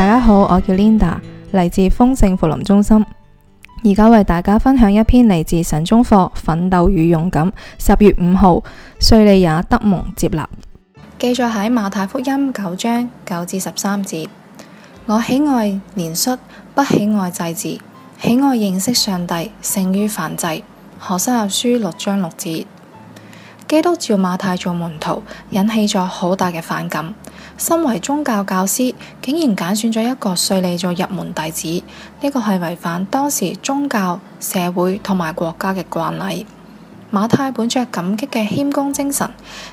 大家好，我叫 Linda，嚟自豐盛福臨中心，而家為大家分享一篇嚟自神中課《奮鬥與勇敢》，十月五號，稅吏也得蒙接納，記載喺馬太福音九章九至十三節。我喜愛憐恤，不喜愛祭祀，喜愛認識上帝勝於燔祭。何西阿書六章六節。基督召馬太做門徒，引起咗好大嘅反感。身為宗教教師，竟然揀選咗一個稅吏做入門弟子，呢個係違反當時宗教、社會同埋國家嘅慣例。馬太本着感激嘅謙恭精神，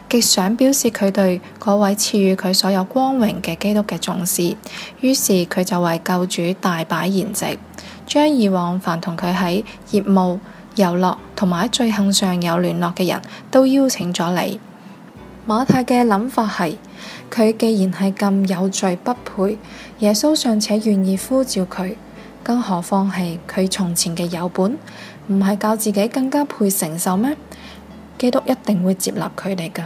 極想表示佢對嗰位賜予佢所有光榮嘅基督嘅重視，於是佢就為救主大擺筵席，將以往凡同佢喺業務、遊樂、同埋罪行上有聯絡嘅人都邀請咗你。馬太嘅諗法係，佢既然係咁有罪不配，耶穌尚且願意呼召佢，更何況係佢從前嘅有本，唔係教自己更加配承受咩？基督一定會接納佢哋㗎。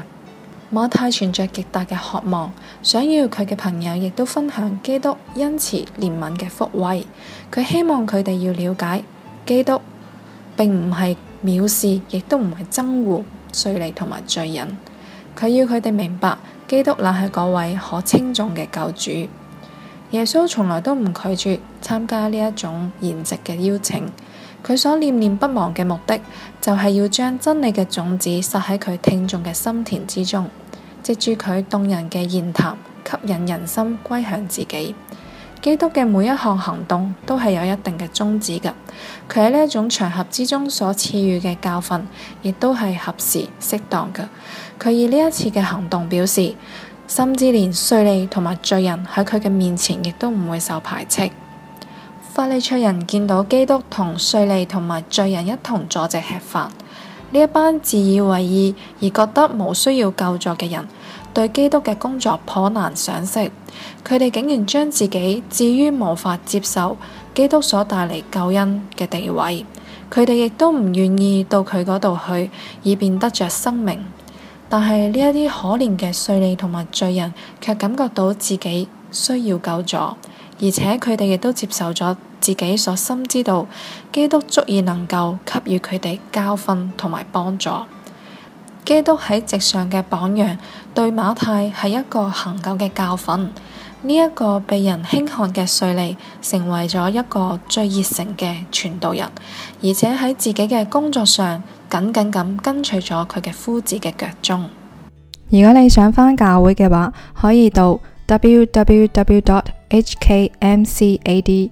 馬太存着極大嘅渴望，想要佢嘅朋友亦都分享基督恩慈憐憫嘅福惠。佢希望佢哋要了解基督，並唔係。藐視，亦都唔係憎惡稅吏同埋罪人。佢要佢哋明白，基督乃係嗰位可稱重嘅救主。耶穌從來都唔拒絕參加呢一種筵席嘅邀請。佢所念念不忘嘅目的，就係、是、要將真理嘅種子撒喺佢聽眾嘅心田之中，藉住佢動人嘅言談，吸引人心歸向自己。基督嘅每一項行動都係有一定嘅宗旨噶，佢喺呢一種場合之中所賜予嘅教訓，亦都係合時適當噶。佢以呢一次嘅行動表示，甚至連稅吏同埋罪人喺佢嘅面前，亦都唔會受排斥。法利賽人見到基督同稅吏同埋罪人一同坐席吃飯。呢一班自以為義而覺得冇需要救助嘅人，對基督嘅工作頗難賞識。佢哋竟然將自己置於無法接受基督所帶嚟救恩嘅地位。佢哋亦都唔願意到佢嗰度去，以便得着生命。但係呢一啲可憐嘅稅吏同埋罪人，卻感覺到自己需要救助，而且佢哋亦都接受咗。自己所深知道，基督足以能夠給予佢哋教訓同埋幫助。基督喺席上嘅榜樣，對馬太係一個恆久嘅教訓。呢、這、一個被人輕看嘅稅吏，成為咗一個最熱誠嘅傳道人，而且喺自己嘅工作上緊緊咁跟隨咗佢嘅夫子嘅腳蹤。如果你想返教會嘅話，可以到 w w w h k m c a d。